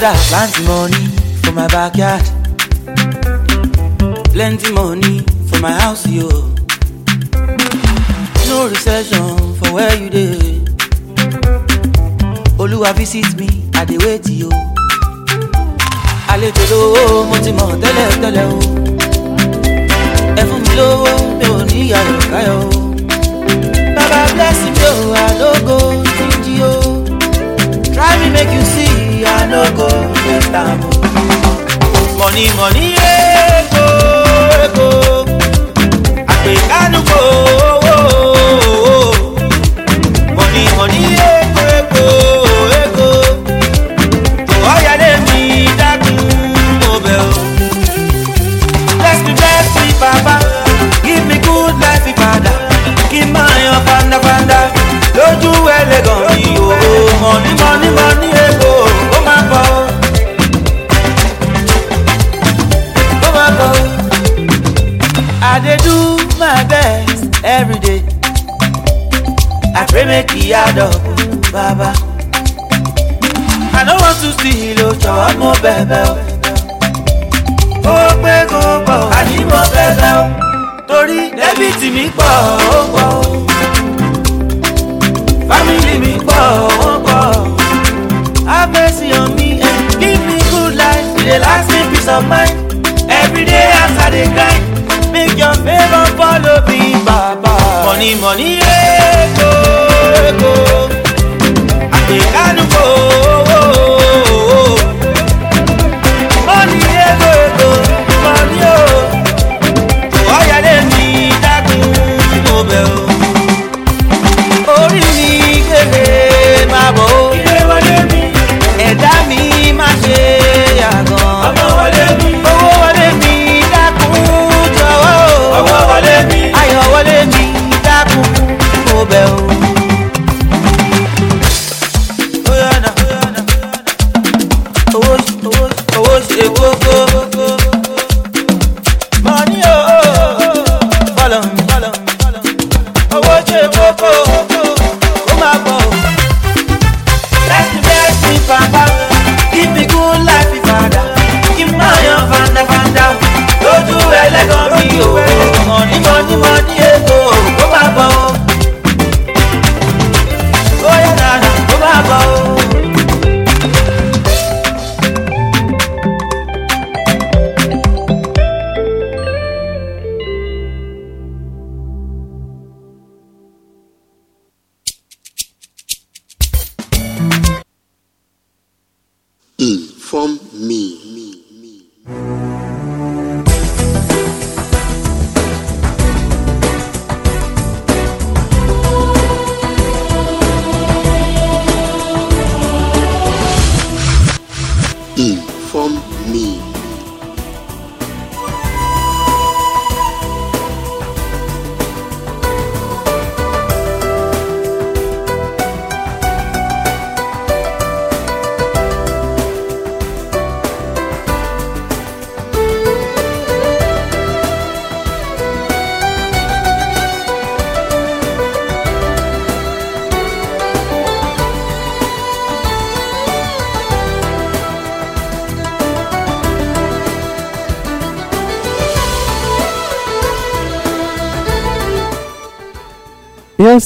father plenty money for my backyard plenty money for my house yo no recession for where you dey olúwa visit me i dey wait yo àlejò lówó mo ti mọ̀ tẹ́lẹ̀ tẹ́lẹ̀ o ẹ fún mi lówó mi ò ní ìyàwó káyọ̀ o baba bless me o àdógó jíjí o try me make you see. I no go waste am. Money money ego ego àgbékánu kò owó. Money money ego ego ego kò ọ̀yàlẹ̀ mi dákun mo bẹ̀ o. Bless me bless me Papa. give me good life padà kí n máa yan fandafanda lójú ẹlẹ́gàn mi o. Oh, oh. Money money money ego. pray make e add up baba. I don't want to see you, jọ̀wọ́ mo bẹ̀bẹ̀ o. Ó oh, kó oh, àní mo bẹ̀bẹ̀ o. Torí dẹ́bìtì mi me, ó pọ̀ o. Fámìlì mi pọ̀ ó pọ̀ Have mercy on me and give me good life. E last me peace of mind. Every day I I dey grind. Make your favor follow me, Baba. Money, money, yeah.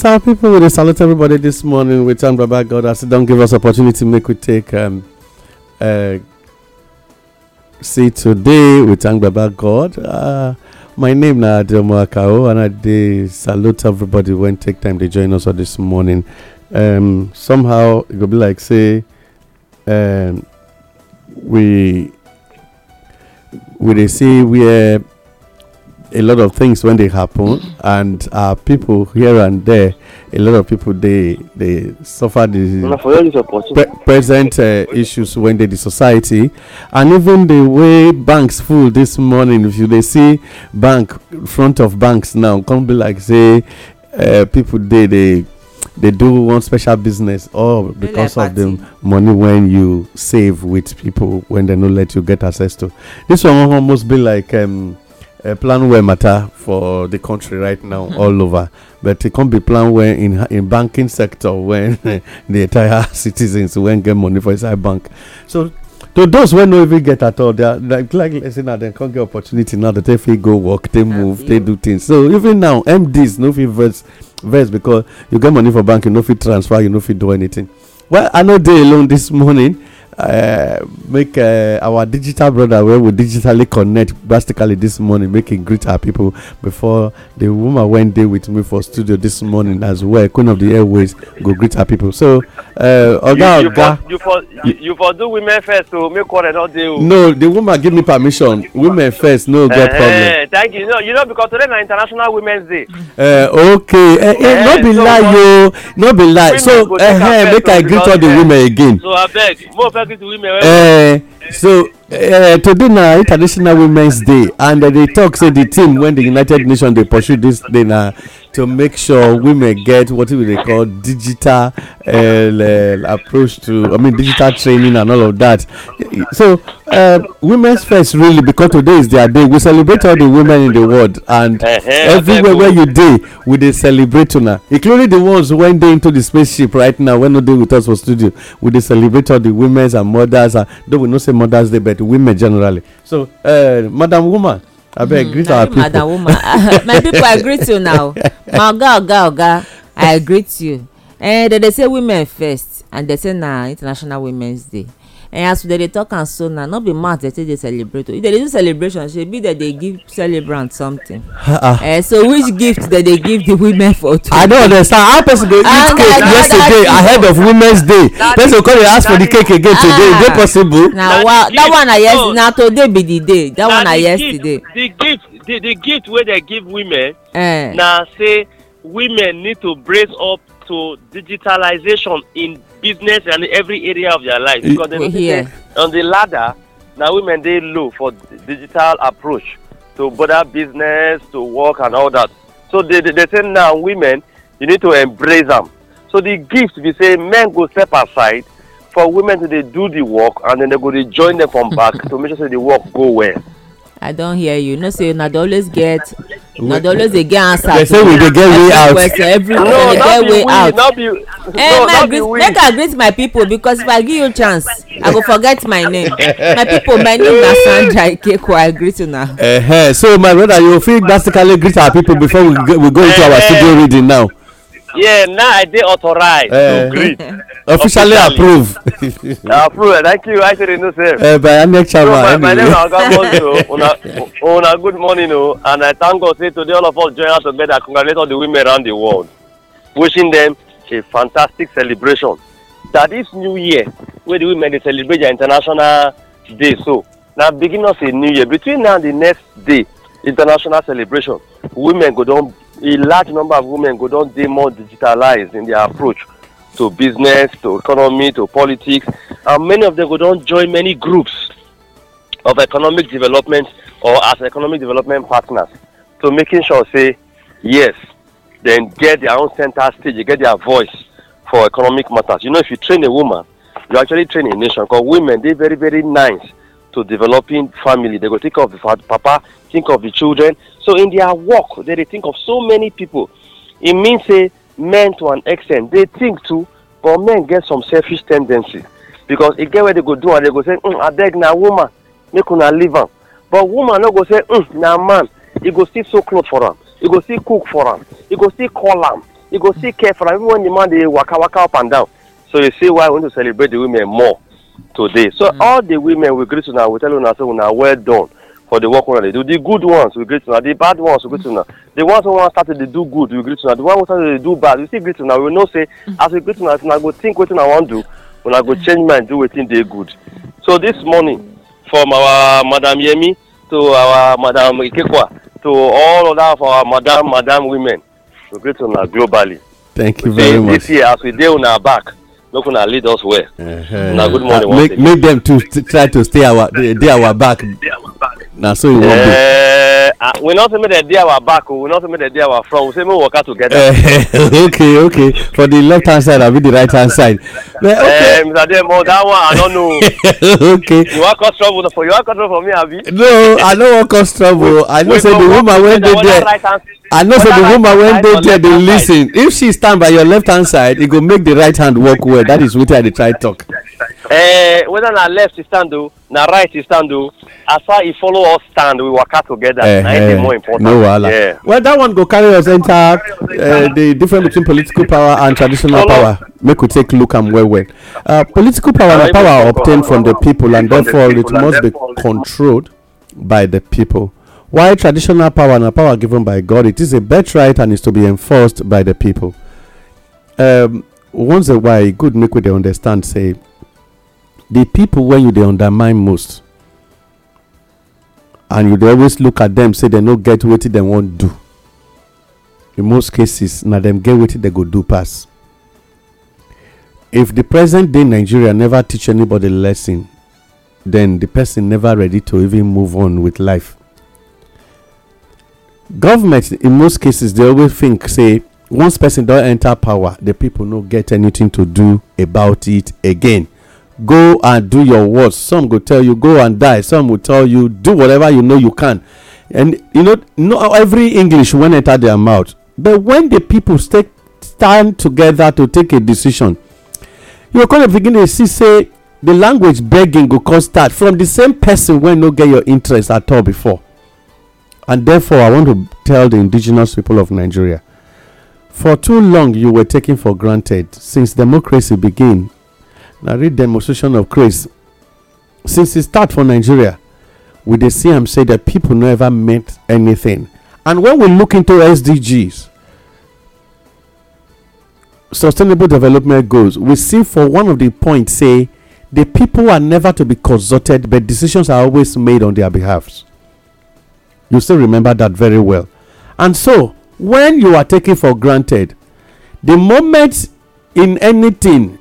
our people, we salute everybody this morning. We thank Baba God as He don't give us opportunity make we take um, uh, see today. We thank Baba God. Uh, my name na Adeomo Akao, and I say salute everybody when take time to join us this morning. Um, somehow it could be like say um, we we they see we a lot of things when they happen, mm. and uh, people here and there, a lot of people they they suffer the pre- present uh, issues when they the society, and even the way banks full this morning. If you they see bank front of banks now, come be like say uh, people they they they do one special business or because of the money when you save with people when they don't let you get access to. This one almost be like. Um, uh, plan where matter for the country right now hmm. all over but it can't be plan where in in banking sector when the entire citizens when get money for inside bank so to those wey no even get at all they are like like let's say na dem come get opportunity now that they fit go work they move yeah. they do things so even now mds no fit vex vex because you get money for bank you no fit transfer you no fit do anything well i no dey alone this morning Uh, make uh, our digital brother where we digitally connect drastically this morning make him greet our people before the woman went there with me for studio this morning as well queen of the airways go greet our people so uh, oga you, oga for, you for you, for do women first o make quarrel no dey o. Oh. no the woman give me permission women first no get uh, problem. Eh, thank you no you know because today na international women's day. Uh, okay uh, uh, no be so lie o oh. no be lie so uh, make i oh, greet all the women again. so abeg mo fẹ talking to eh, so uh, eh, today na international women's day and uh, they talk say the team when the united nations dey pursue this they eh, na to make sure women get what we dey call digital uh, approach to i mean digital training and all of that so uh, women's first really because today is their day we celebrate all the women in the world and everywhere where you dey we dey celebrate una including the ones wey dey into the spaceship right now wey no dey with us for studio we dey celebrate all the women's and mothers and though we know say mothers dey but the women generally so uh, madam woman abeg hmm, greet our people madam woman my people i greet you now my oga oga oga i greet you eh dem dey say women first and dem say na international women's day and as we dey talk am so now no be mouth dey take dey celebrate o if dey dey do celebration shebi dey dey give celebrant something uh, so which gift dey dey give the women for today. i no understand how person go eat ah, cake yesterday ahead of women's day person come dey ask for the cake again ah, today e dey possible. na wa that one na yes oh. na today be the day that one na yesterday. the gift the the gift wey dey give women. Eh. na say women need to brace up to digitalization in business and every area of their life. Because they yeah. on the ladder, now women they low for digital approach to border business, to work and all that. So they, they, say now women, you need to embrace them. So the gift we say men go step aside for women to they do the work and then they go they join them from back to make sure the work go well i don hear you know say una dey always get una dey always dey get answer to say we dey get way out question every no, dey get way out eh my greet make i greet my people because if i give you chance i go forget my name my people my name na sandra ikeko i greet una. Uh -huh. so my brother you fit basically greet our people before we go, we go into eh, our eh. studio reading now yeah now i dey authorized to eh. greet officially approved approved thank you I actually no sef eh by anec chairman my name na oga monzo oh. una good morning o oh. and i thank god say today all of us join hand together congratulate all the women around the world wishing them a fantastic celebration that this new year wey the women dey celebrate their international day so na beginning of a new year between now and the next day international celebration women go don a large number of women go don dey more digitalized in their approach to business to economy to politics and many of them go don join many groups of economic development or as economic development partners to making sure say yes dem get their own center stage they get their voice for economic matters you know if you train a woman you actually train a nation because women dey very very nice to developing family. They go think of the papa, think of the children. So in their work, they, they think of so many people. It means say men to an extent they think too, but men get some selfish tendency because it e get where they go do and they go say mm, beg na woman make una leave am but woman no go say mm, na man e go see so cloth for am e go see cook for am e go see call am e go see care for am even when the man dey waka waka up and down so you see why I want to celebrate the women more today. So mm. all the women we greet una, we tell una say una well done for the work una dey do. The good ones we greet una, the bad ones we greet una. The ones wey wan start to dey do good we greet una, the ones wey start to dey do bad we still greet una. We know say mm. as we greet una, una go think wetin una wan do, una go change mind do wetin dey good. So this morning from our Madam Yemi to our Madam Ikekwa to all other of our Madam Madam women we greet una globally. Thank you very much. This year as we dey una back make una lead us well uh-huh. na good morning one make make dem to try to stay our dey our back na so e wan be. we no say make dem dey our back o we no say make dem dey our front we say make we waka together. Uh, okay okay for the left hand side abi the right hand side. Eh, okay uh, mr ademo that one i no know. okay you wan cause trouble for you wan cause trouble for me abi. no i no wan cause trouble i know say the woman wey dey there i know for the woman when they there they listen. ten if she stand by your left hand side it go make the right hand work well that is wetin i dey try talk. Uh, whether na left e stand do. na right e stand do. as far e follow us stand we work out together uh, na e eh, dey eh, more important. no wahala yeah. well that one go carry us enter uh, the difference between political power and traditional follow. power make we take look and well well uh, political power na power obtained from the people and therefore it must be controlled by the people. While traditional power and power given by God, it is a birthright and is to be enforced by the people. Um, once a while, good make they understand, say, the people when you they undermine most, and you they always look at them, say they no get what they won't do. In most cases, now them get what they go do pass. If the present day Nigeria never teach anybody lesson, then the person never ready to even move on with life government in most cases they always think say once person don't enter power the people no get anything to do about it again go and do your worst some go tell you go and die some will tell you do whatever you know you can and you know not every english when enter their mouth but when the people stand together to take a decision you go come begin to see say the language begging go come start from the same person when no get your interest at all before and therefore, I want to tell the indigenous people of Nigeria for too long, you were taken for granted since democracy began. Now, read Demonstration of Grace. Since it start for Nigeria, we they see and say that people never meant anything. And when we look into SDGs, Sustainable Development Goals, we see for one of the points say the people are never to be consulted, but decisions are always made on their behalfs. You still remember that very well. And so, when you are taken for granted, the moment in anything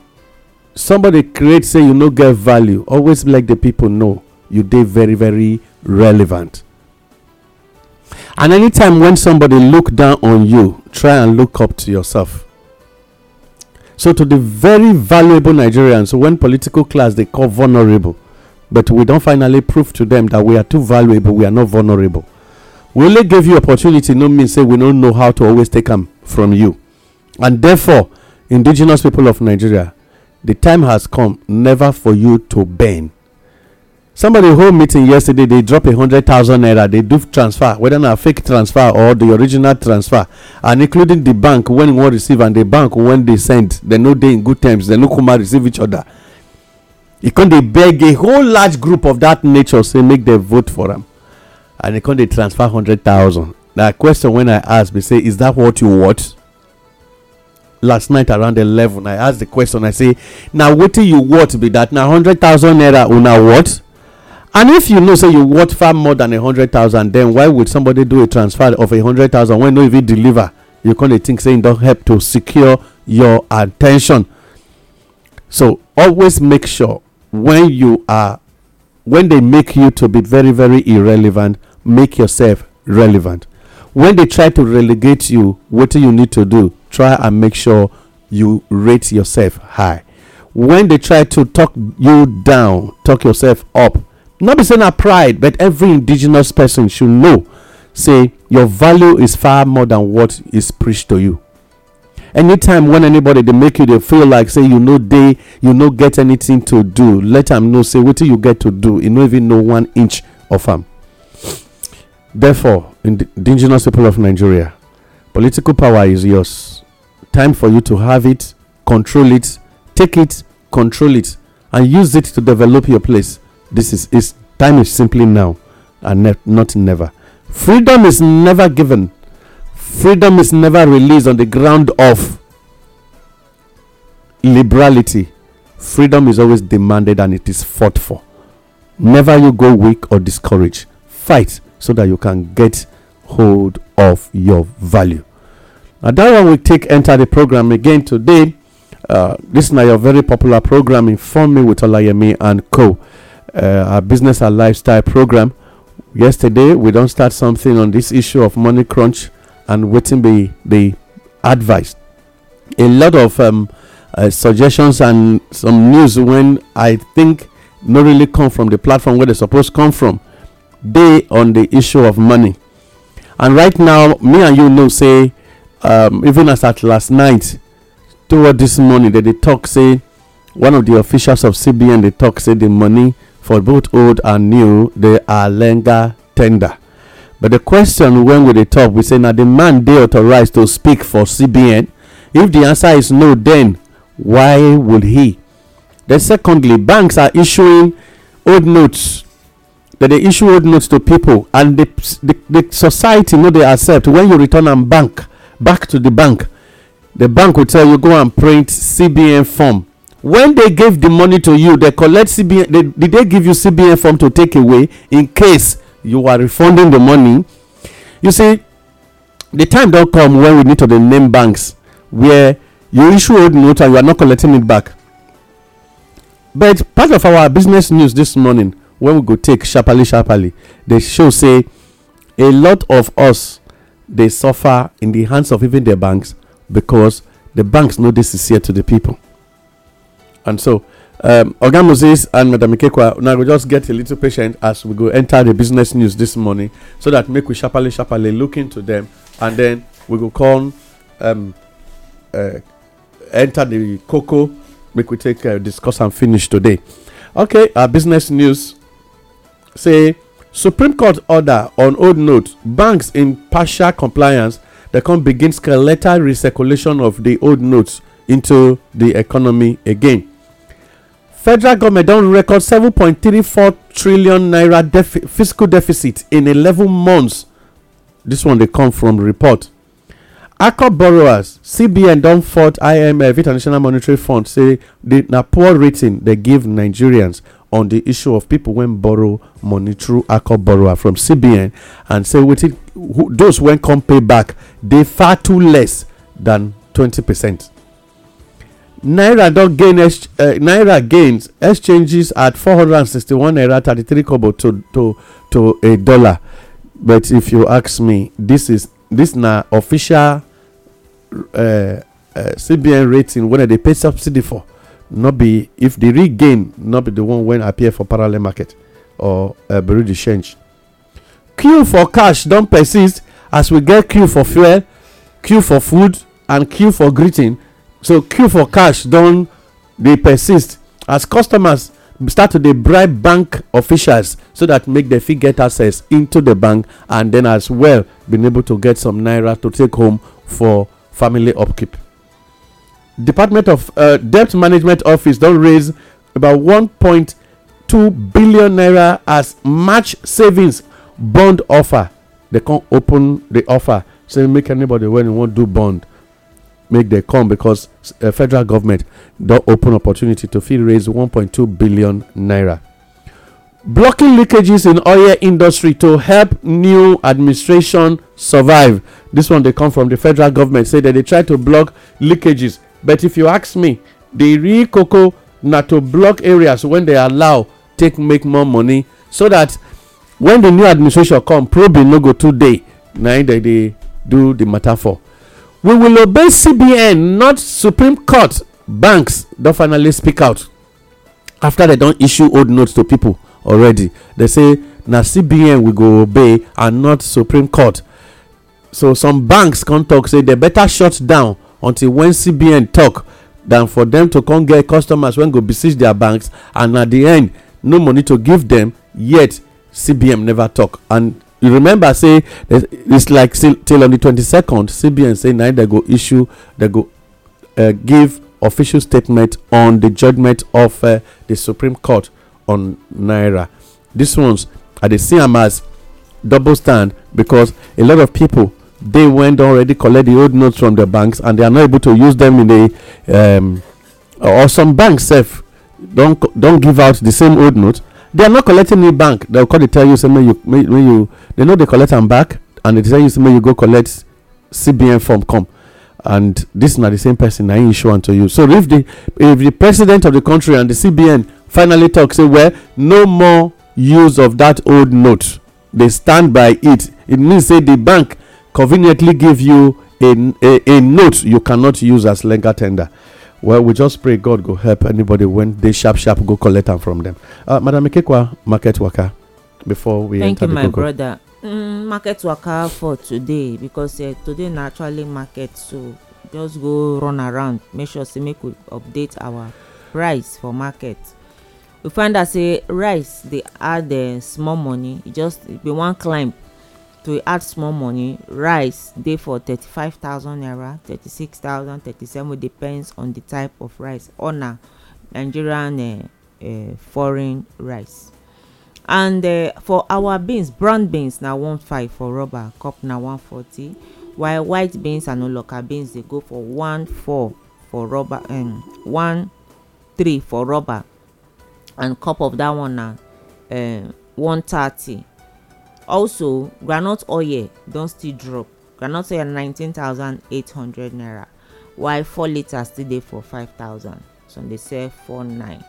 somebody creates say you no get value, always let the people know you did very very relevant. And anytime when somebody look down on you, try and look up to yourself. So to the very valuable Nigerians, when political class they call vulnerable, but we don't finally prove to them that we are too valuable, we are not vulnerable. Will only give you opportunity no mean say we don't know how to always take them from you and therefore indigenous people of nigeria the time has come never for you to bend somebody whole meeting yesterday they drop a hundred thousand naira they do transfer whether a fake transfer or the original transfer and including the bank when one receive and the bank when they send they no dey in good terms they no come receive each other e come they beg a whole large group of that nature say make they vote for them and they come they transfer 100,000. That question when I asked, they say, Is that what you want? Last night around 11, I asked the question, I say, Now, what do you want be that? Now, 100,000 naira, una what? And if you know, say you want far more than 100,000, then why would somebody do a transfer of 100,000 when no even deliver? You can't think saying don't help to secure your attention. So always make sure when you are, when they make you to be very, very irrelevant, make yourself relevant when they try to relegate you what do you need to do try and make sure you rate yourself high when they try to talk you down talk yourself up not be saying a pride but every indigenous person should know say your value is far more than what is preached to you anytime when anybody they make you they feel like say you know they you no get anything to do let them know say what you get to do you don't even know one inch of them Therefore, indigenous people of Nigeria, political power is yours. Time for you to have it, control it, take it, control it, and use it to develop your place. This is is time is simply now, and ne- not never. Freedom is never given. Freedom is never released on the ground of liberality. Freedom is always demanded and it is fought for. Never you go weak or discouraged. Fight so that you can get hold of your value. And that one we take enter the program again today. Uh, this is now your very popular program, Inform Me with Olayemi and Co. Uh, our business and lifestyle program. Yesterday, we don't start something on this issue of money crunch and waiting the, the advice. A lot of um, uh, suggestions and some news when I think not really come from the platform where they're supposed to come from. Day on the issue of money and right now me and you know say um, even as at last night toward this morning dem dey tok say one of the officials of cbn dey talk say the money for both old and new they are alenga tender but the question when we dey talk? We say now the man they authorized to speak for cbn if the answer is no then why would he? then secondly banks are issuing old notes that they issue notes to people and the, the, the society know they accept when you return and bank back to the bank the bank will tell you go and print cbn form when they gave the money to you they collect cbn they, did they give you cbn form to take away in case you are refunding the money you see the time don't come when we need to name banks where you issue old note and you are not collecting it back but part of our business news this morning when we go take sharply sharply they show say a lot of us they suffer in the hands of even their banks because the banks know this is here to the people. and so um, oga moses and madam ikekwa now we just get a little patient as we go enter the business news this morning so that make we sharply sharply look into them and then we go um, uh, enter the cocoa make we take uh, discuss and finish today okay our business news say supreme court order on old notes. banks in partial compliance they come begin skeletal recirculation of the old notes into the economy again federal government don record 7.34 trillion naira defi- fiscal deficit in 11 months this one dey come from report accord borrowers cbn don fault imf international monetary fund say na poor rating dey give nigerians on the issue of people when borrow money through ACOB borrower from CBN and say waiting those when come pay back they far too less than 20%. Naira don't gain uh, Naira gains exchanges at 461 naira 33 kobo to to to a dollar. But if you ask me, this is this na official uh, eh, uh, eh, CBN rating when they pay subsidy for not be if the regain, not be the one when appear for parallel market or uh, bureau de change queue for cash don persist as we get queue for fuel queue for food and queue for greeting so queue for cash don dey persist as customers start to dey bribe bank officials so that make dem fit get access into the bank and then as well been able to get some naira to take home for family upkeep Department of uh, Debt Management Office don't raise about 1.2 billion naira as match savings bond offer. They can't open the offer saying make anybody when you want do bond make they come because uh, federal government don't open opportunity to fee raise 1.2 billion naira. Blocking leakages in oil industry to help new administration survive. This one they come from the federal government say that they try to block leakages but if you ask me the real cocoa na to block areas wey dey allow take make more money so that when the new administration come probing no go too dey na im dem dey do the matter for we will obey cbn not supreme court banks don finally speak out after dem don issue old notes to people already dem say na cbn we go obey and not supreme court so some banks come talk say dem better shut down until when cbn talk, than for them to come get customers wey go besiege their banks and at the end no money to give them. yet cbn never talk. and you remember say it's like till on di 22nd cbn say na they go issue they go uh, give official statement on the judgment of uh, the supreme court on naira This ones i dey see am as double stand because a lot of people they went already collect the old notes from the banks and they are not able to use them in a um, or some banks sef don't don't give out the same old note they are not collecting new bank they call dey tell you something make you make you they know they collect am back and they tell you something you go collect cbn form come and this is not the same person I him show to you so if the if the president of the country and the cbn finally talk say well no more use of that old note They stand by it it means say the bank conveniently give you a, a, a note you cannot use as legal tender. Well, we just pray God go help anybody when they sharp sharp go collect them from them. Uh, Madam Ikekwa, market worker, before we thank you, my Coco. brother. Mm, market worker for today because uh, today naturally market so just go run around make sure say make we update our price for market. we find that say rice they add uh, small money e just e bin wan climb to add small money rice dey for thirty five thousand naira thirty six thousand thirty seven depends on the type of rice Ona, nigerian uh, uh, foreign rice and uh, for our beans brown beans na one five for rubber cup na one forty while white beans and oloka beans dey go for one four for rubber um, one three for rubber and cup of that one na one thirty also groundnut oil don still drop groundnut oil nineteen thousand eight hundred naira while four litre still dey for five thousand some dey sell four nine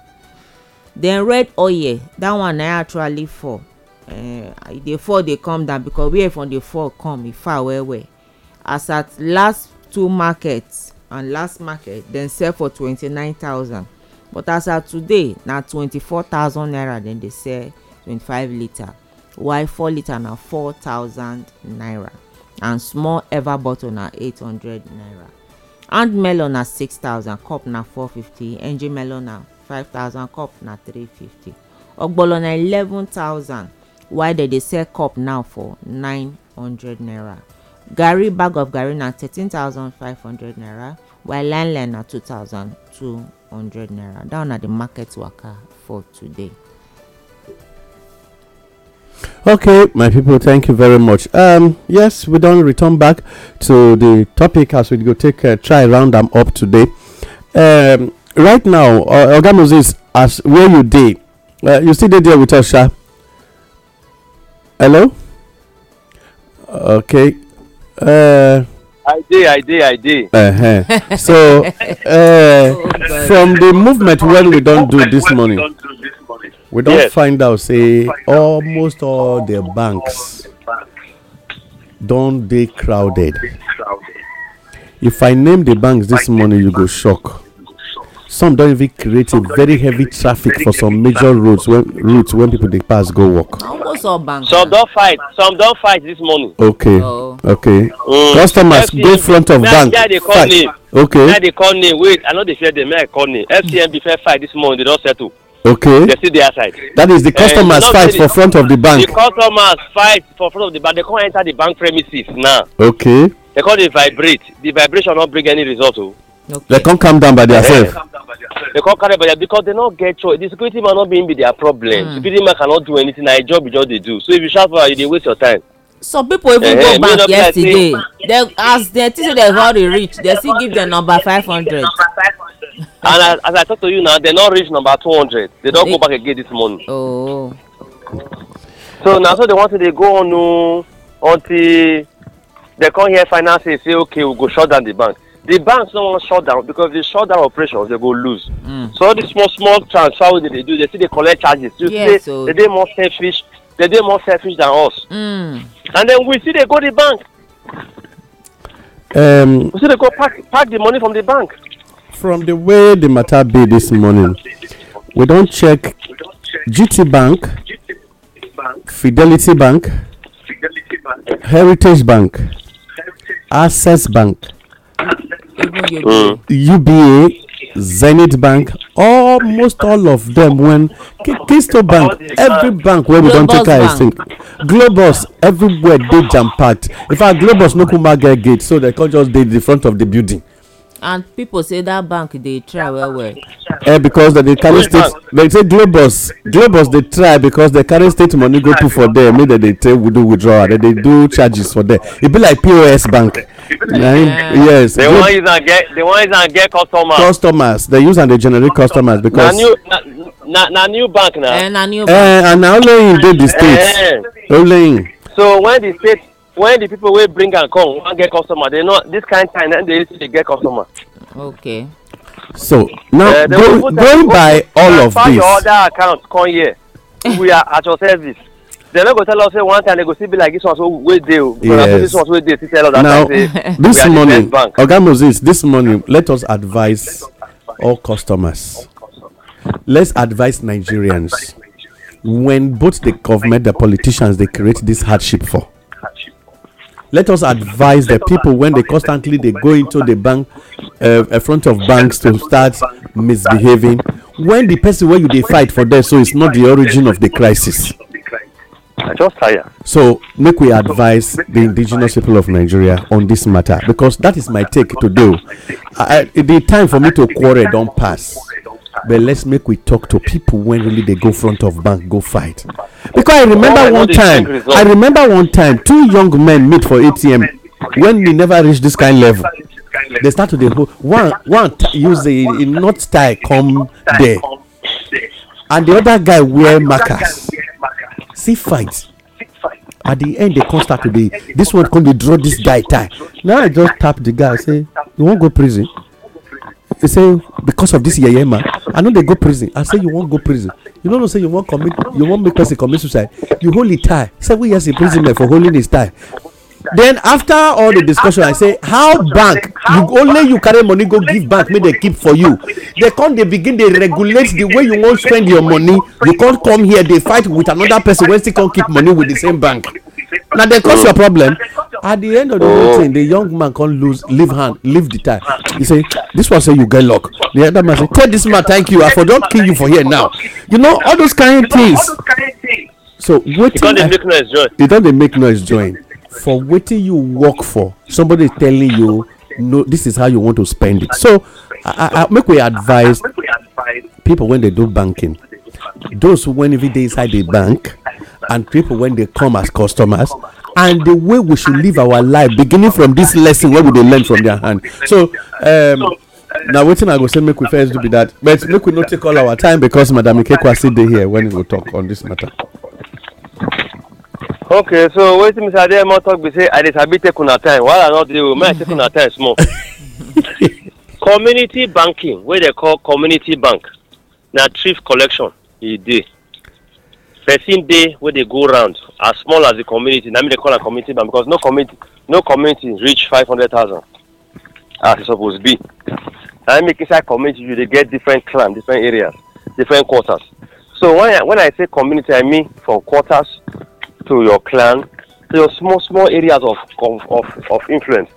then red oil that one na actually fall uh, e dey fall dey come down because where from dey four come e far well well as at last two markets and last market dem sell for twenty-nine thousand but as at today na twenty-four thousand naira dem dey sell twenty-five litre while four litre na four thousand naira and small ever bottle na eight hundred naira hand melon na six thousand cup na four fifty engine melon na five thousand cup na three fifty ogbolo na eleven thousand while dem dey sell cup now for nine hundred naira garri bag of garri na thirteen thousand five hundred naira while line line na two thousand two hundred naira that one na the market waka for today. Okay, my people, thank you very much. Um, yes, we don't return back to the topic as we go take a try round them up today. Um, right now, uh, Oga as where you did, uh, you still did there with us, Sha? Hello. Okay. Uh, I did, I did, I did. Uh-huh. so, uh, from the movement when we don't do this morning. we don yes. find out say almost all the banks don dey crowded if i name the banks this morning you go shock some don't even create a very heavy traffic for some major roads when routes when people dey pass go work. some don't fight some don't fight this morning. okay oh. okay. Mm. customers FCMB, go front of bank fight. okay. na dey call name wait i no dey fear dem i call name fcmb fair fight this morning dey don settle. Okay. They see their side. That is the eh, customers uh, fight the, for front of the bank. The customers fight for front of the bank. They can't enter the bank premises now. Okay. They can't they vibrate. The vibration not bring any result. Oh. Okay. They can't calm down by themselves. Eh. Yeah. They can't carry by their because they not get choice. The security man not being be their problem. Mm. Security man cannot do anything. I job job they do. So if you shout for you, they waste your time. some people even eh, go bank yesterday they as dem think say dem already reach They still give dem number five hundred and as, as i talk to you now they don reach number two hundred dem don go back again this morning. Oh. so now, so they want to, they go on o uh, until they come here. Finance, finances say okay we go shut down the bank the banks no wan shut down because if they shut down operations they go lose. Mm. so all the small small transfer that they do they see they collect charges. you yes, say so. Oh. they more selfish they dey more selfish than us. Mm. and then we see they go the bank. Um, we see they go pack pack the money from the bank from the way the matter be this morning, we don't check GT Bank, Fidelity Bank, Heritage Bank, Access Bank, UBA, Zenith Bank, almost all of them when Kisto Bank, every bank where we don't take care of Globus everywhere dey jam packed. In fact, Globus no come get gate, so they can just dey the front of the building and people say that bank dey try well well. Eh, because dem dey carry state dem say globus globus dey try because dem carry state money go put for there make dem dey take do withdrawal dem dey do charges for there e be like pos bank na im yes. dem wan use am get dem wan use am get customers. customers dem use am dey generate customers because. na new na na new bank na. Eh, na new eh, bank. Uh, and na only im dey di state eh. only im. so when di state when the people will bring and come wan get customer they know this kind time thing, they use dey get customer. okay. so now uh, going, going, by all of this. your other account come here we are at your service They not going go tell us one time they go see be like this one so we deal. yes this one we deal. tell us that now, time now this morning oga moses this morning let us advise all customers let's advise nigerians when both the government the politicians they create this hardship for. Hardship. let us advise the people when they constantly they go into the bank uh, front of banks to start misbehaving when the person where you they fight for them so it's not the origin of the crisis Just so make we advise the indigenous people of nigeria on this matter because that is my take to do I, the time for me to quarrel don't pass but let's make we talk to people when really they go front of bank go fight because i remember oh, I one time i remember one time two young men meet for atm when we never reach this kind level they start to the hold one one use the a knot tie come there and the other guy wear markers see fight at the end they come start to be this one come to draw this guy tie now i just tap the guy say you won't go prison they say because of this yeye man i no dey go prison i say you wan go prison you no know say you wan commit you wan make person commit suicide you hold him tie seven years imprisonment for holding his tie then after all the discussion i say how bank you only you carry money go give bank make dem keep for you dey come dey begin dey regulate the way you wan spend your money you come come here dey fight with another person wey still come keep money with the same bank na dey cause your problem at the end of the whole oh. thing the young man come lose leave hand leave the tie he say this one say you get luck the other man say tell this man thank you i for don kill you for here now you know all those kind things so wetin e don dey make noise join for wetin you work for somebody telling you no this is how you want to spend it so i i make we advise people when they do banking those when even dey inside the bank and people when they come as customers and the way we should live our life beginning from this lesson wey we dey learn from their hand so um, na wetin i go say make we first do be that but make we no take all our time because madam ikekwa still dey here when we go talk on this matter. okay so wetin mr adeyemo talk be say i dey sabi take una time wahala no dey o may i take una time small. community banking wey dem call community bank na thrift collection e dey person day wey dey go round as small as the community na me dey call am community bank because no community no community reach five hundred thousand as e suppose be na make inside community you dey get different clan different areas different quarters so when i when i say community i mean from quarters to your clan to your small small areas of of of influence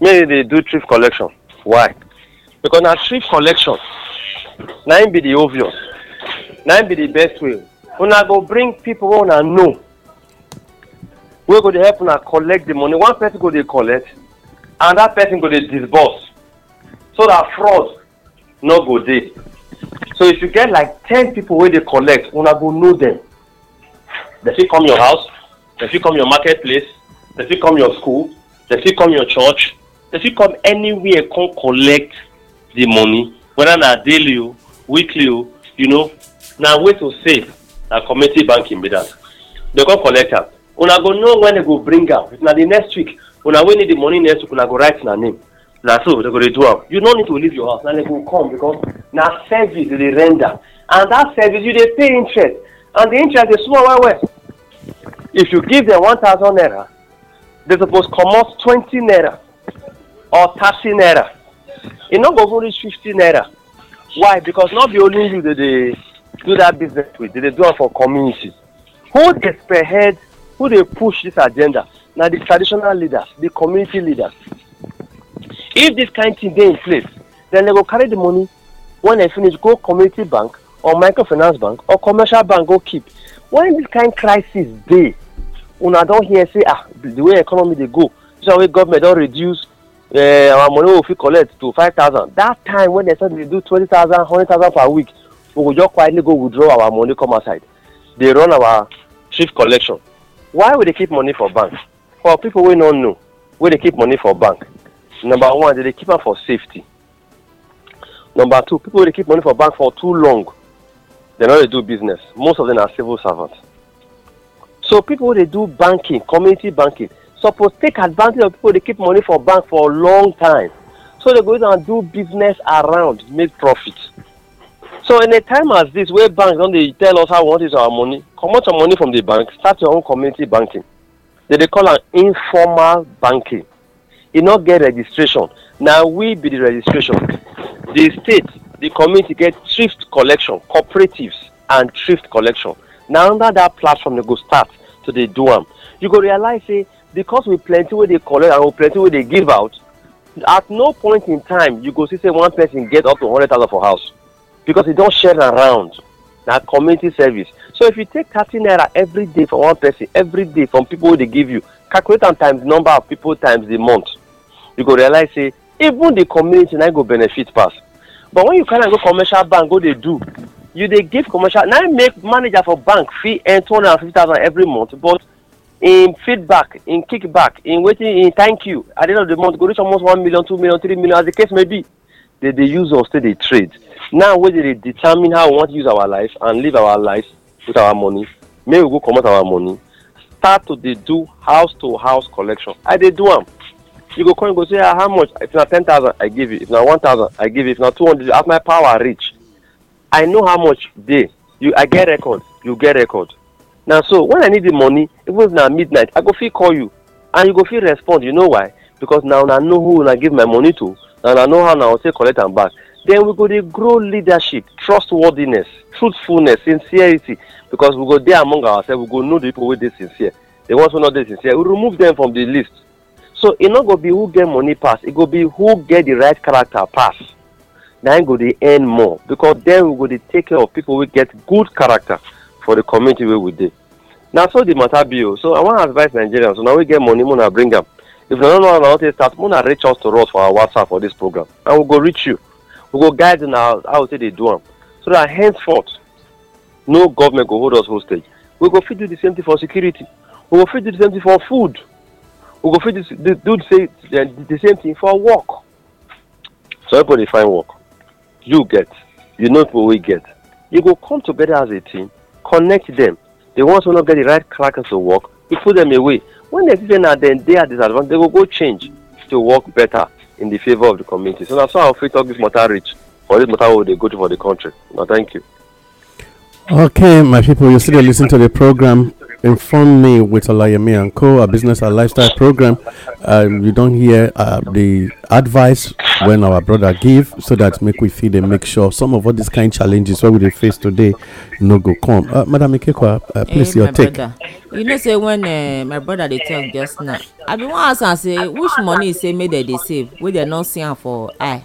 make you dey do thrift collection why because na thrift collection na im be the obvious na im be the best way una go bring people. wey una know wey go dey help una collect the money one person go dey collect and that person go dey disburse so that fraud no go dey so if you get like ten people wey dey collect una go know them. dem fit come your house dem fit come your market place dem fit come your school dem fit come your church dem fit come anywhere come collect the money whether na daily o weekly o you know na way to save na community banking be that dem come collect am una go know when dem go bring am if na the next week una wey need the money next week una go write una name na so dem go dey do am you no need to leave your house na dem go come because na service dem dey render and that service you dey pay interest and the interest dey small well well if you give dem one thousand naira dem suppose comot twenty naira or thirty naira e no go even reach fifty naira why because no be only you dey dey do that business with they dey do am for communities? who dey spearhead who dey push this agenda na the traditional leaders the community leaders if this kind thing dey in place then they go carry the money when they finish go community bank or microfinance bank or commercial bank go keep when this kind crisis dey una don hear say ah the way economy dey go this one wey government don reduce uh, our money wey we fit collect to five thousand that time when they start to dey do twenty thousand hundred thousand per week we go just quietly go withdraw our money come outside dey run our thrift collection why we dey keep money for bank for people wey no know wey dey keep money for bank number one dem dey keep am for safety number two people wey dey keep money for bank for too long dem no dey do business most of them na civil servants so people wey dey do banking community banking suppose take advantage of people dey keep money for bank for long time so dem go use am do business around make profit so in a time as this where banks don't they tell us how we want is our money Come out your money from the bank start your own community banking They dey call an informal banking e not get registration Now we be the registration the state the community get thrift collection cooperatives and thrift collection Now under that platform dem go start to the duam. you go realize say because we plenty wey they collect and we plenty wey they give out at no point in time you go see say one person get up to hundred thousand for house because they don't share around na community service so if you take thirty naira every day from one person every day from people wey dey give you calculate am times number of people times the month you go realize say even the community na go benefit pass but when you carry am go commercial bank go dey do you dey give commercial na make manager for bank fit earn two hundred and fifty thousand every month but im feedback im kickback im wetin im thank you at the end of the month go reach almost one million two million three million as the case may be they dey use us take dey trade now wey dey dey determine how we want use our life and live our life with our money make we go comot our money start to dey do house to house collection i dey do am you go come you go say ah how much if na ten thousand i give you if na one thousand i give you if na two hundred as my power reach i know how much dey you i get record you get record na so when i need the money even if na midnight i go fit call you and you go fit respond you know why because na una know who una give my money to and i know how now. i go collect am back then we go dey grow leadership trustworthiness truthfulness sincerity because we go dey among ourselves we go know the people wey dey sincere the ones wey no dey sincere we remove them from the list so e no go be who get money pass e go be who get the right character pass na im go dey earn more because then we go dey take care of people wey get good character for the community wey we dey na so the matter be o oh. so i wan advise nigerians So una wey get money una bring am If Lorna Lorna starts, Mona reach out to us for our WhatsApp for this program, and we we'll go reach you. We we'll go guide you how how say they do them, so that henceforth, no government will hold us hostage. We we'll go feed you the same thing for security. We go fit do the same thing for food. We go feed you the, same, the, eh, the same thing for work. So everybody find work. You get, you know what we get. You go come together as a team, connect them. The ones who not get the right crackers to work, you put them away when they see say na dem dey at disadvantage dem go go change to work better in the favour of the community so na so i fit talk this matter reach for this matter wey we dey go through for the country na thank you. okay my people you still dey lis ten to the program Inform me with Alayemi and Co, a business and lifestyle program. Uh, you don't hear uh, the advice when our brother give, so that make we feel and make sure some of all these kind challenges what we face today no go come. Uh, Madam Ikekwa, uh, uh please hey, your take. Brother. You know, say when uh, my brother they talk just now, I been want ask and say which money say made they save, where they not seeing for I.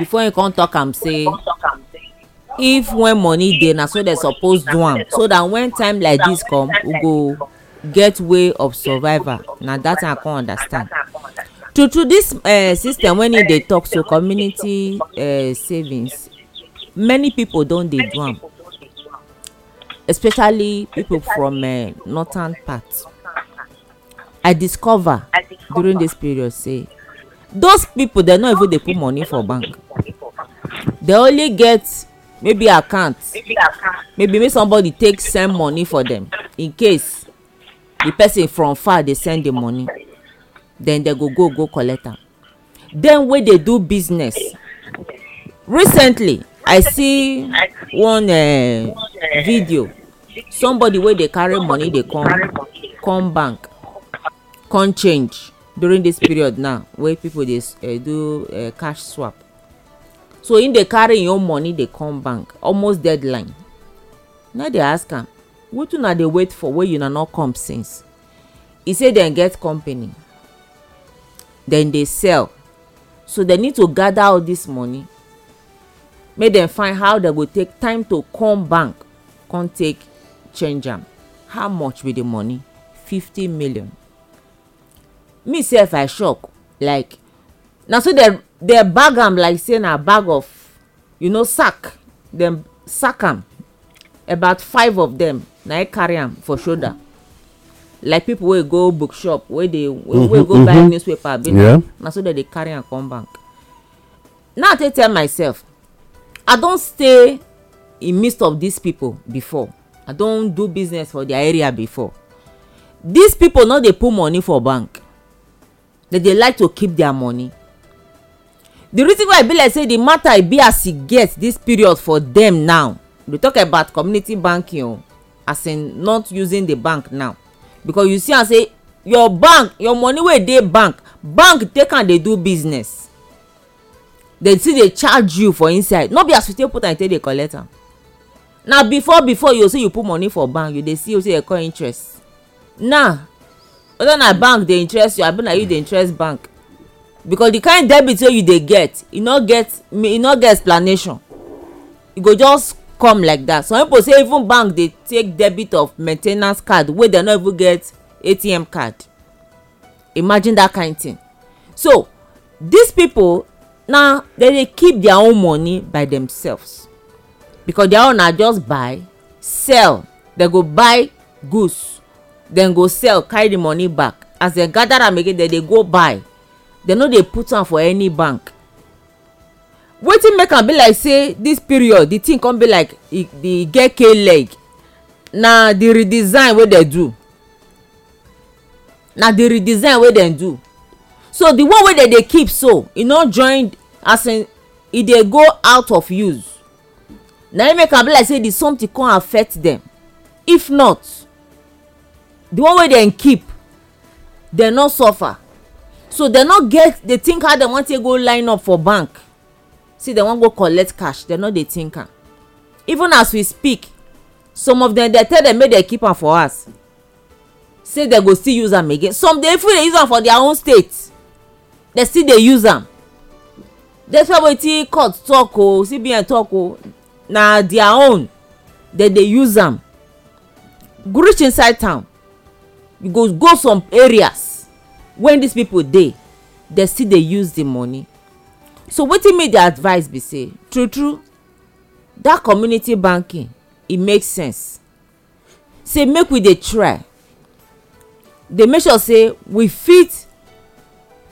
Before you come talk, I'm say if when money dey na so dem suppose do am so that when time like this come we go get way of survival na that i come understand true true this uh, system wey e dey talk so community uh, savings many people don dey do am especially people from uh, northern part i discover during this period say those people dem no even dey put money for bank they only get maybe account maybe maybe make somebody take send money for them in case the person from far dey send the money then they go go go collect am dem wey dey do business recently i see one uh, video somebody wey dey carry money dey come come bank come change during this period now wey people dey uh, eh, do uh, cash swap so him dey carry him own money dey come bank almost deadline na dey ask am wetin una dey wait for wey una no come since e say dem get company dem dey sell so dem need to gather all this money make dem find how dem go take time to come bank come take change am how much be the money fifty million me sef i shock like na so dem dem bag am like say na bag of you know sack dem sack am about five of dem na e carry am for shoulder like people wey go bookshop wey dey wey mm-hmm, go buy mm-hmm. newspaper Yeah. na so dem dey carry am come bank now i take tell myself i don stay in midst of these people before i don do business for their area before these people no dey put money for bank they dey like to keep their money the reason why e be like say the matter e be as e get this period for them now we talk about community banking o oh, as in not using the bank now because you see am say your bank your money wey dey bank bank take am dey do business dem still dey charge you for inside no be as you take put am you take dey collect am na before before you say you put money for bank you dey see wetin dey call interest now whether na bank dey interest you abi na you dey interest bank because the kind debit wey you dey get e no get e no get explanation e go just come like that some people say even bank dey take debit of main ten ance card wey dem no even get atm card imagine that kind of thing so these people na dem dey keep their own money by themselves because their own na just buy sell dem go buy goods dem go sell carry the money back as dem gather am again dem dey go buy dem no dey put am for any bank wetin make am be like say this period the thing come be like e get k leg na the redesign wey dem do na the redesign wey dem do so the one wey dem dey keep so e no join as in e dey go out of use na im make am be like say the something come affect dem if not the one wey dem keep dem no suffer so dem no get dey think how dem wan take go line up for bank See dem wan go collect cash dem no dey think am even as we speak some of dem dey tell dem make dem keep am for house say dem go still use am again some dey even dey use am for their own state dem still dey use am despite wetin court talk o oh, cbn talk o oh, na their own dem dey use am reach inside town you go go some areas when these people dey they still dey use the money so wetin me the advice be say true true that community banking e make sense say make we dey try dey make sure say we fit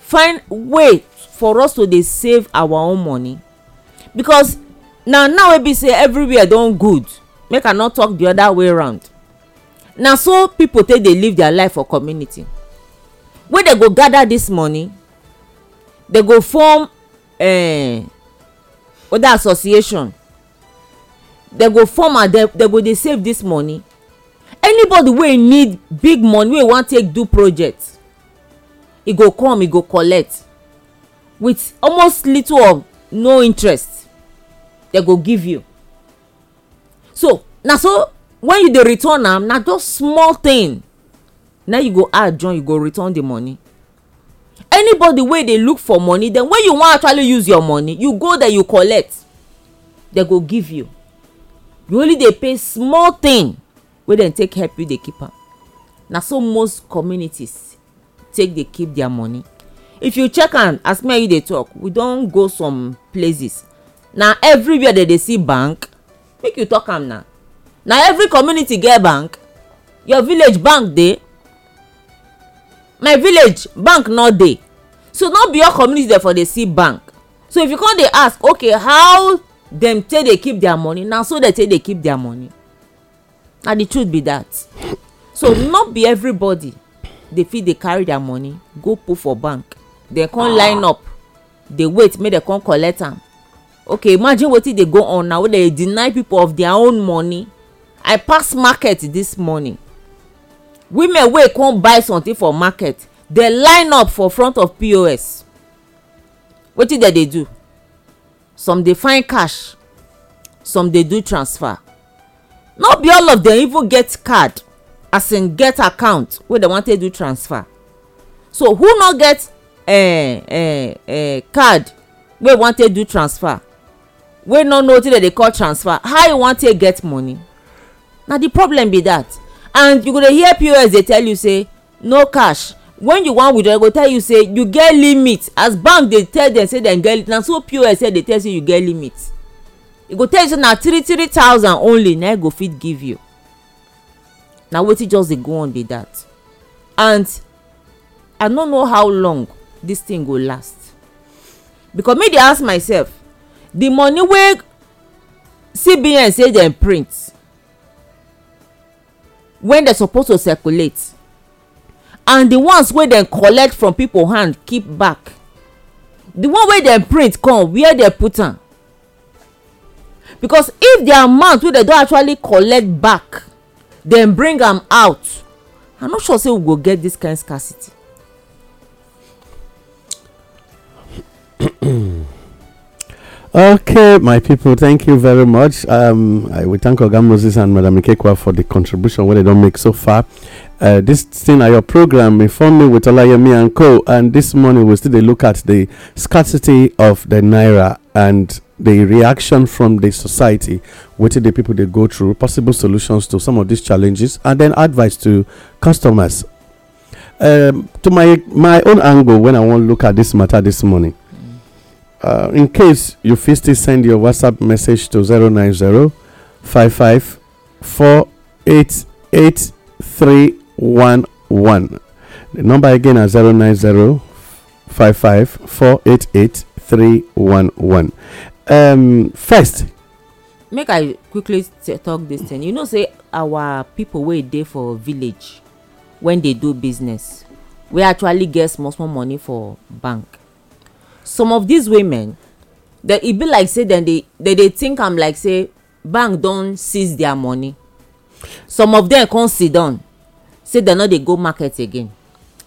find way for us to dey save our own money because na now wey be say everywhere don good make i no talk the other way round na so people take dey live their life for community wey dey go gather dis money dey go form um, other association dey go form am dey go dey save dis money anybody wey need big money wey wan take do project e go come e go collect with almost little of no interest dey go give you so na so when you dey return am na just small thing Now you go add join you go return the money anybody wey dey look for money then when you wan actually use your money you go there you collect They go give you you only dey pay small thing wey dem take help you dey keep am na so most communities take dey keep their money if you check am as me and you dey talk we don go some places na everywhere dem dey see bank make you talk am na na every community get bank your village bank dey my village bank no dey so no be all community dem for dey see bank so if you come dey ask okay how dem take dey keep their money na so dem take dey keep their money na the truth be that so no be everybody dey fit dey carry their money go put for bank dem come ah. line up dey wait make dem come collect am okay imagine wetin dey go on now wey dey deny people of their own money i pass market this morning women wey come buy something for market dey line up for front of pos wetin dem dey do some dey find cash some dey do transfer no be all of dem even get card as in get account wey dem wan take do transfer so who no get eh, eh, eh, card wey wan take do transfer wey no know wetin dem dey call transfer how e wan take get money na the problem be that and you go dey hear pos dey tell you say no cash when you wan withdraw e go tell you say you get limit as bank dey tell dem say dem get na so pos dey tell say you get limit e go tell you say na three three thousand only na e go fit give you na wetin just dey go on be that and i no know how long this thing go last because me dey ask myself the money wey cbn say dem print when dem suppose to circulate and the ones wey dem collect from people hand keep back the one wey dem print come where dem put am because if the amount wey dem don actually collect back dem bring am out i no sure say we go get this kind scarcity. Okay, my people, thank you very much. Um, I, will thank Ogam Moses and Madam Ikekwa for the contribution what they don't make so far. Uh, this thing at uh, your program, inform me with Olayemi and Co. And this morning, we still look at the scarcity of the naira and the reaction from the society, what the people they go through, possible solutions to some of these challenges, and then advice to customers. Um, to my my own angle, when I want to look at this matter this morning. uh, in case you fit send your whatsapp message to 090 55 488 the number again is 090 55 488 um, first make i quickly talk this thing you know say our people wait dey for village when they do business we actually get small small money for bank some of these women that e be like say dem dey dem dey think am like say bank don seize their money some of dem come sit say dem no dey go market again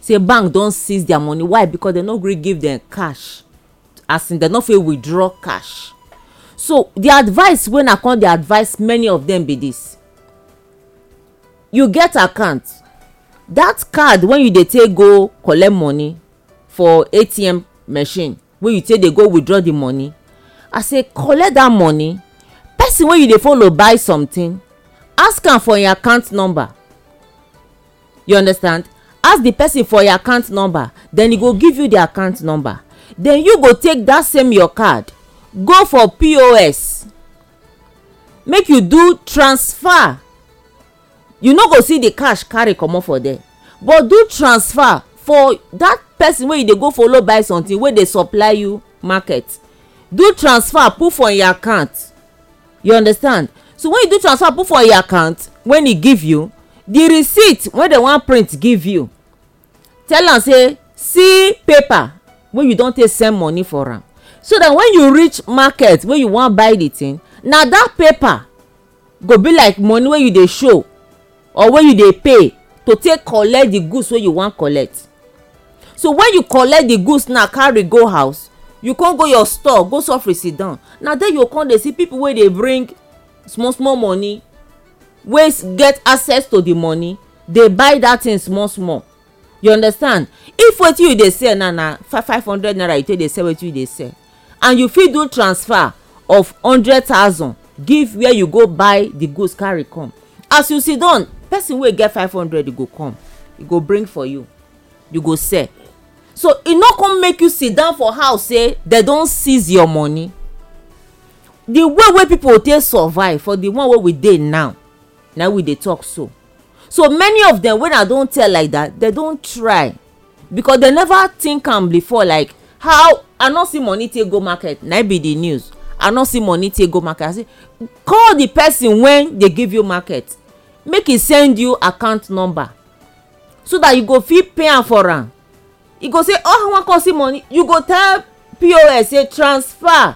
say bank don seize their money why because dem no gree give dem cash as in dem no fit withdraw cash so the advice wey na come dey advise many of them be this you get account that card wey you dey take go collect money for atm machine wey you take dey go withdraw the money i say collect that money person wey you dey follow buy something ask am for your account number you understand ask the person for your account number then he go give you the account number then you go take that same your card go for pos make you do transfer you no go see the cash carry comot for there but do transfer for that person wey you dey go follow buy something wey dey supply you market do transfer put for your account you understand so when you do transfer put for your account when e give you the receipt wey dem wan print give you tell am say see paper wey you don take send money for am so that when you reach market wey you wan buy the thing na that paper go be like money wey you dey show or wey you dey pay to take collect the goods wey you wan collect so when you collect the goods now carry go house you come go your store go suffer sit down na there you come dey see people wey dey bring small small money wey get access to the money dey buy that thing small small you understand if wetin you dey sell na na five five hundred naira you take dey sell wetin you dey sell and you fit do transfer of hundred thousand give where you go buy the goods carry come as you sit down person wey get five hundred e go come e go bring for you you go sell so e no come make you sit down for house say dem don seize your money the way wey people take survive for the one wey we dey now na we dey talk so so many of them wey i don tell like that they don try because they never think am before like how i no see money take go market na be the news i no see money take go market i say call the person wey dey give you market make e send you account number so that you go fit pay am for am e go say oh i wan come see money you go tell pos say transfer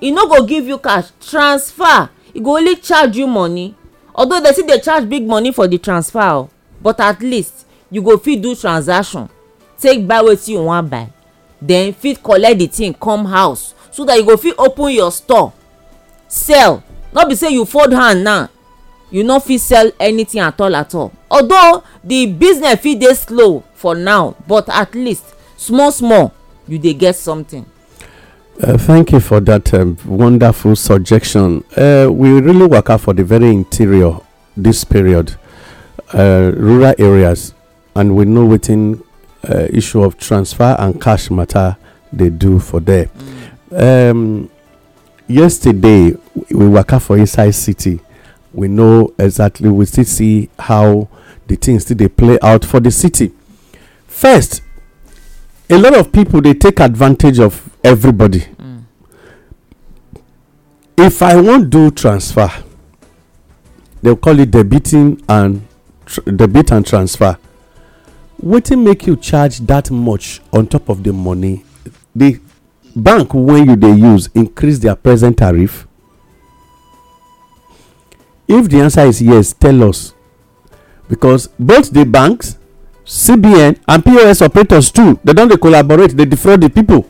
e no go give you cash transfer e go only charge you money although dem still dey charge big money for the transfer but at least you go fit do transaction take buy wetin you wan buy then fit collect the thing come house so that you go fit open your store sell no be say you fold hand now you no fit sell anything at all at all although the business fit dey slow for now but at least small small you dey get something. Uh, thank you for that um, wonderful suggestion. Uh, we really work out for the very interior this period, uh, rural areas, and we know within uh, issue of transfer and cash matter they do for there. Mm. Um, yesterday, we work out for inside city. we know exactly we still see how the things still they play out for the city first a lot of people they take advantage of everybody mm. if i won't do transfer they'll call it debiting and tr- debit and transfer wetin make you charge that much on top of the money the bank when you they use increase their present tariff if the answer is yes tell us because both the banks cbn and pos operators too they don dey collaborate dey defraud the people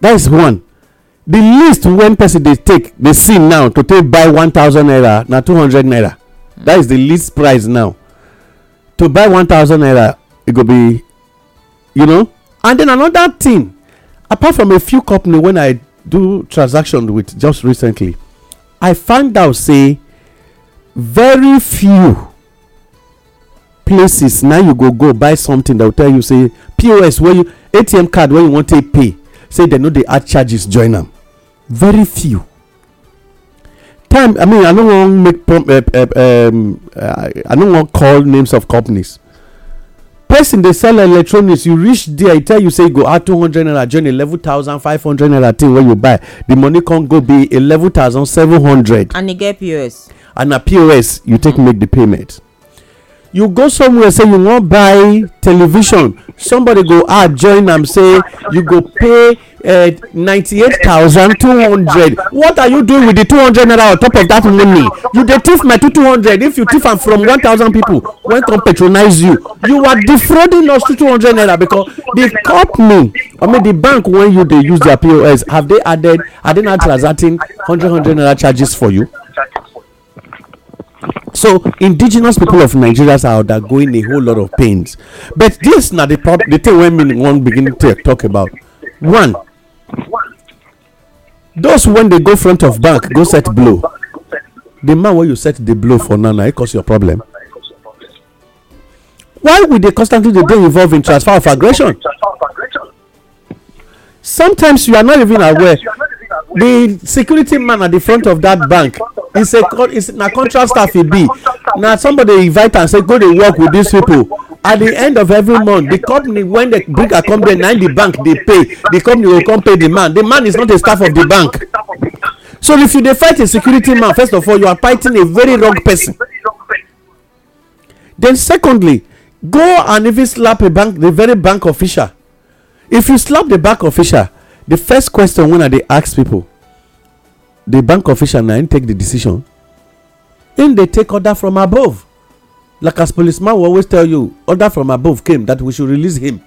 that is one the least when person dey take dey see now to take buy one thousand naira na two hundred naira that is the least price now to buy one thousand naira e go be you know and then another thing apart from a few company when i do transaction with just recently i find out say very few places na you go go buy something will tell you say pos wey you atm card wey you wan take pay say dem no dey add charges join am very few time i mean i no wan make eh, eh, eh, Um. i no wan call names of companies person dey sell electronics you reach there e tell you say you go add hundred naira join eleven thousand five hundred naira thing wey you buy the money come go be eleven thousand seven hundred. and e get pos. and na pos you take mm. make the payment you go somewhere say you wan buy television somebody go add ah, join am say you go pay eh, ninety-eight thousand two hundred what are you doing with the two hundred naira on top of that money you dey thief my two two hundred if you thief am from one thousand people wey come patronize you you are defrauding us two two hundred naira because the company i mean the bank wey you dey use their pos have they added are they now transacting hundred hundred naira charges for you so indigenous people of Nigeria are undergoing a whole lot of pains but dis na di thing wey me wan begin to talk about one those when dey go front of bank go set blow the man wey you set the blow for now na e cause your problem why we dey constantly dey dey involved in transfer of aggression sometimes you are not even aware the security man at the front of that bank it's a con it's na contract staff e be na somebody invite am say go dey work with these people at the end of every month the company when the brinker come there na the bank dey pay the company go come pay the man the man is not a staff of the bank so if you dey fight a security man first of all you are fighting a very wrong person then secondly go and even slap a bank the very bank official if you slap the bank official the first question wey i dey ask people The bank official na im take the decision im dey take order from above like as policeman will always tell you order from above came that we should release him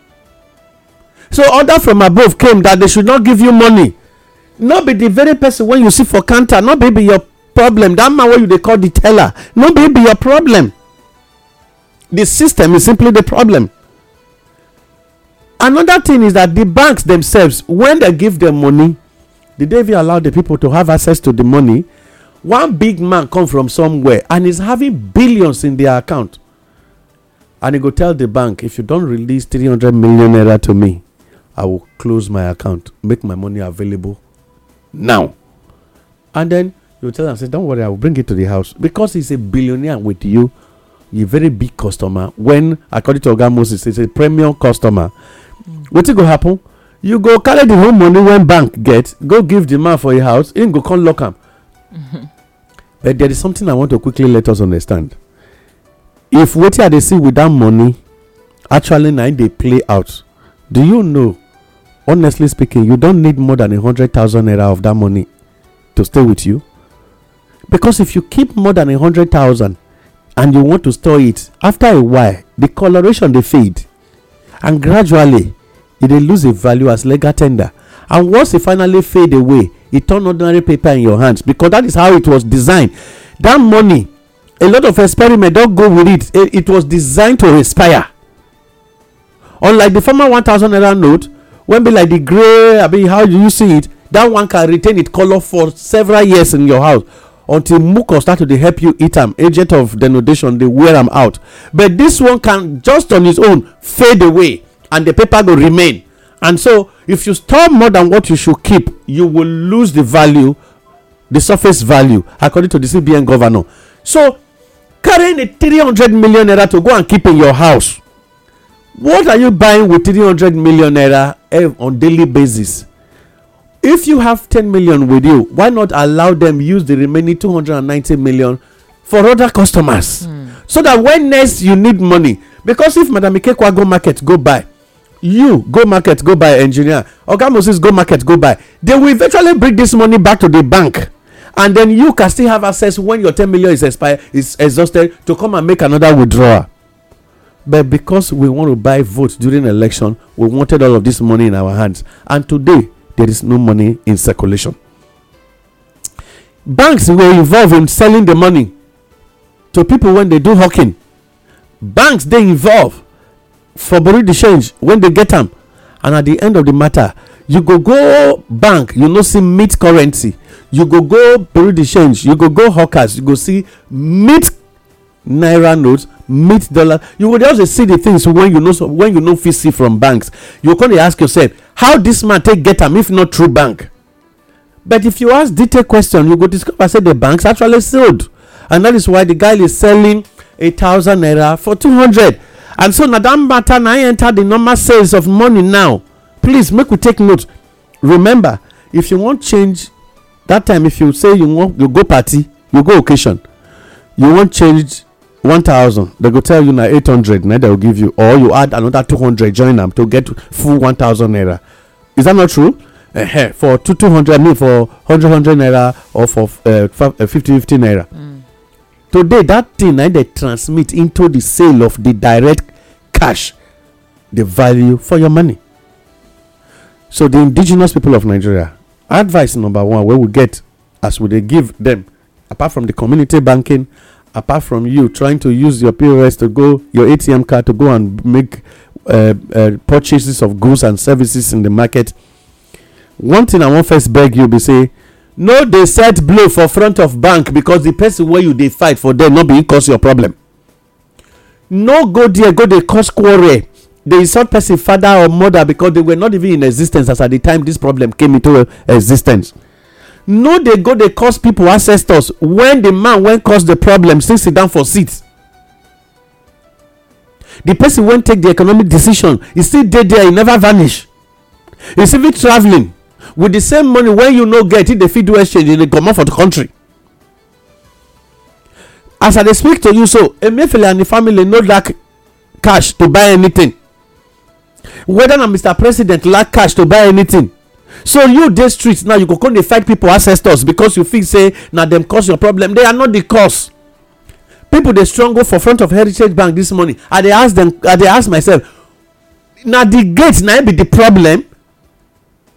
so order from above came that they should not give you money not be the very person wey you see for counter not be be your problem that man wey you dey call the teller not be be your problem the system is simply the problem another thing is that the banks themselves when they give them money the day we allow the people to have access to the money one big man come from somewhere and is having billions in their account and he go tell the bank if you don't release 300 million naira to me i will close my account make my money available now and then you tell them, say don't worry i will bring it to the house because he's a billionaire with you you very big customer when according to oga moses he's a premium customer mm. going to happen you go carry the whole money when bank get go give the man for your house him go come lock am but there is something i want to quickly let us understand if wetin i dey see with that money actually na they dey play out do you know honestly speaking you don need more than a hundred thousand naira of that money to stay with you because if you keep more than a hundred thousand and you want to store it after a while the coloration dey fade and gradually e dey lose e value as legal tender and once e finally fade away e turn ordinary paper in your hands because that is how it was designed that money a lot of experiment don go with it eh, it was designed to expire unlike the former one thousand naira note wey be like the grey i mean how do you see it that one can retain its colour for several years in your house until mucus start to dey help you eat am agent of denudation dey wear am out but this one can just on its own fade away and the paper will remain and so if you store more than what you should keep you will lose the value the surface value according to the cbn governor so carrying a 300 million naira to go and keep in your house what are you buying with 300 million naira on daily basis if you have 10 million with you why not allow them use the remaining 290 million for other customers mm. so that when next you need money because if madam ikekwa go market go buy you go market go buy engineer oga moses go market go buy they will eventually bring this money back to the bank and then you can still have access when your 10 million is expired is exhausted to come and make another withdrawal but because we want to buy votes during election we wanted all of this money in our hands and today there is no money in circulation banks were involved in selling the money to people when they do hawking banks they involve for bori the change when they get am and at the end of the matter you go go bank you no see meat currency you go go bori the change you go go hawkers you go see meat naira notes meat dollar you go just dey see the things when you no when you no fit see from banks you go come dey ask yourself how this man take get am if not through bank but if you ask detailed question you go discover say the banks actually sold and that is why the guy is selling a thousand naira for two hundred and so na that matter na enter the normal sales of money now please make we take note remember if you wan change that time if you say you wan you go party you go occasion you wan change one thousand they go tell you na eight hundred naira they go give you or you add another two hundred join am to get full one thousand naira is that not true uh -huh. for two two hundred i mean for hundred hundred naira or for uh, fifty fifty naira. Mm. today that thing na dey transmit into the sale of the direct cash the value for your money so the indigenous people of nigeria advice number one wey we get as we dey give them, apart from the community banking apart from you trying to use your pos to go your atm card to go and make uh, uh, purchases of goods and services in the market one thing i wan first beg you be say no dey set blow for front of bank because the person wey you dey fight for there no be cause your problem no go there go dey cause quarrel dey insult person father or mother because they were not even in existence as at the time this problem came into existence no dey go dey cause people ancestors when the man wey cause the problem still sit down for seat the person wey take the economic decision He still dey there He never vanish He still be travelling with the same money wey you no get if dey fit do exchange you dey comot for the country as i dey speak to you so emefiele and the family no lack cash to buy anything whether na mr president lack cash to buy anything so you dey street now you go come dey fight people ancestors because you think say na dem cause your problem they are not the cause people dey struggle for front of heritage bank this morning i dey ask them. i dey ask myself na the gate na be the problem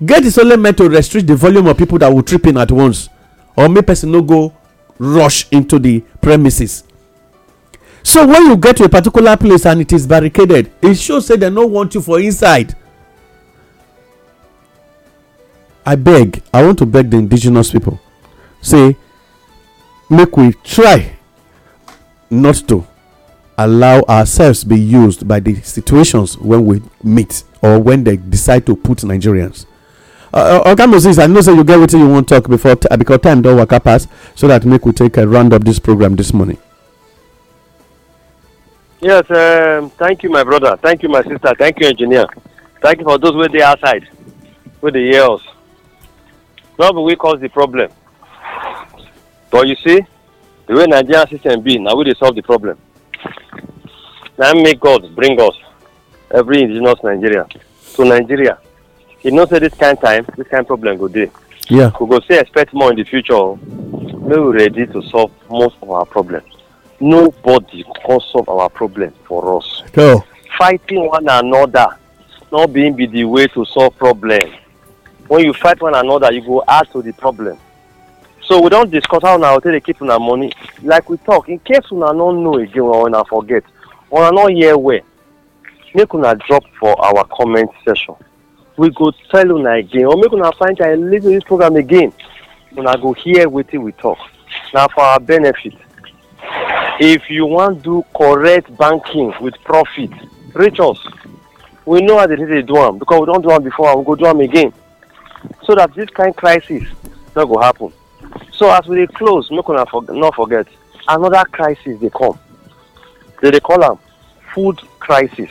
gate is only meant to restrict the volume of people that will trip in at once or make person no go rush into the premises so when you get to a particular place and it is barricaded it shows say they no want you for inside i beg i want to beg the indigenous people say make we try not to allow ourselves be used by the situations when we meet or when they decide to put nigerians Uh, uh, oga moses i know say you get what you wan talk before uh, because time don't work up pass so that make we take a round up this program this morning yes um, thank you my brother thank you my sister thank you engineer thank you for those with the outside with the hear us we cause the problem but you see the way nigerian system be now we dey solve the problem Now make god bring us every indigenous nigeria to nigeria you know say this kind time this kind problem go dey yeah we go still expect more in the future oh. make we ready to solve most of our problems nobody can solve our problem for us no. fighting one another not being be the way to solve problem when you fight one another you go add to the problem so we don discuss how una go take dey keep una money like we talk in case una no know again or una forget una no hear well make una drop for our comment session we go tell una again or make una find time lis ten to dis program again una go hear wetin we talk na for our benefit if you wan do correct banking with profit reach us we know how they thing dey do am because we don do am before and we go do am again so that this kind crisis no go happen so as we dey close make una for, no forget another crisis dey come they dey call am food crisis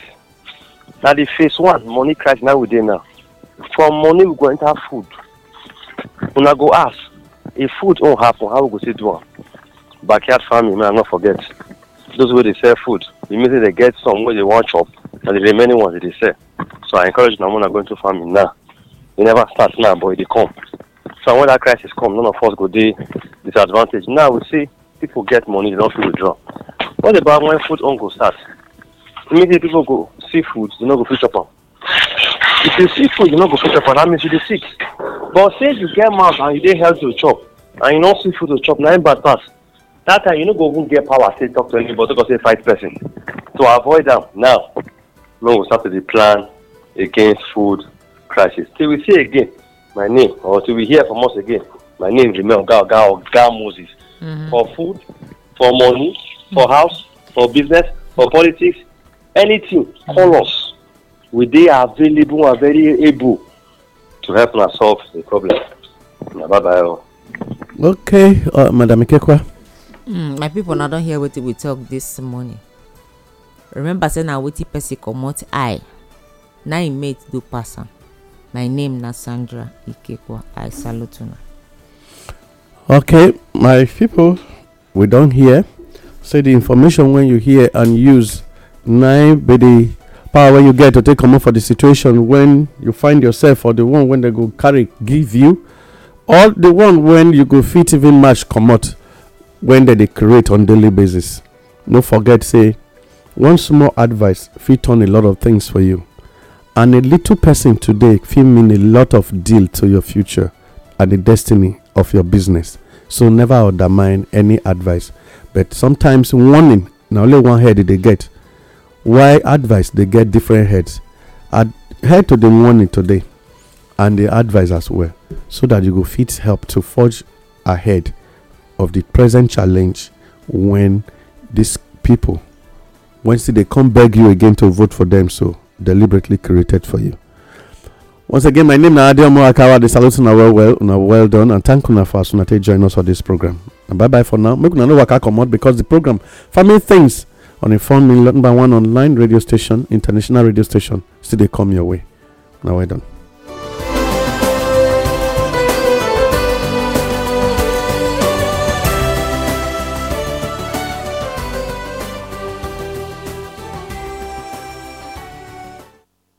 na the phase one money crisis na we dey now From money we go enter food una go ask if food don happen how we go still do am backyard farming may i not forget those wey dey sell food e mean say dey get some wey dey wan chop and the remaining ones dey dey sell so i encourage una una go into farming now e never start now but e dey come so when that crisis come none of us go dey disadvantage now we see people get money they don fit withdraw what about when food on go start immediately e people go see food they no go fit chop am if you see food you no go fit chop am that means you dey sick but say you get mouth and you dey healthy to chop and you no see food to chop na im bad pass that time you no go even get power say talk to anybody because say fight person to avoid am now no go start to dey plan against food crisis till we see again my name or till we hear from us again my name remain oga oga oga moses mm-hmm. for food for money for mm-hmm. house for business for politics anything call us we dey available and very able to help us solve the problem. Na bye bye o. Okay, uh, Madam Ikekwa. Mm, my people now don hear wetin we talk this morning. Remember say na wetin person comot eye na im mate do pass am. My name na Sandra Ikekwa. I salute una. Okay, my people, we don hear. Say the information when you hear and use nine be the power you get to take command for the situation when you find yourself or the one when they go carry give you or the one when you go fit even match comot when they they create on daily basis no forget say one small advice fit on a lot of things for you and a little person today fit mean a lot of deal to your future and the destiny of your business so never undermine any advice but sometimes warning Now only one head did they get why advice they get different heads Ad, head to the morning today and the advice as well so that you go fit help to forge ahead of the present challenge when these people once they come beg you again to vote for them so deliberately created for you once again my name is adeomo akawa The salute una well well una well done and thank una for us una take join us for this program and bye bye for now make una no waka comot because the program Family things on a fun number one online radio station, international radio station, still they come your way. Now I done.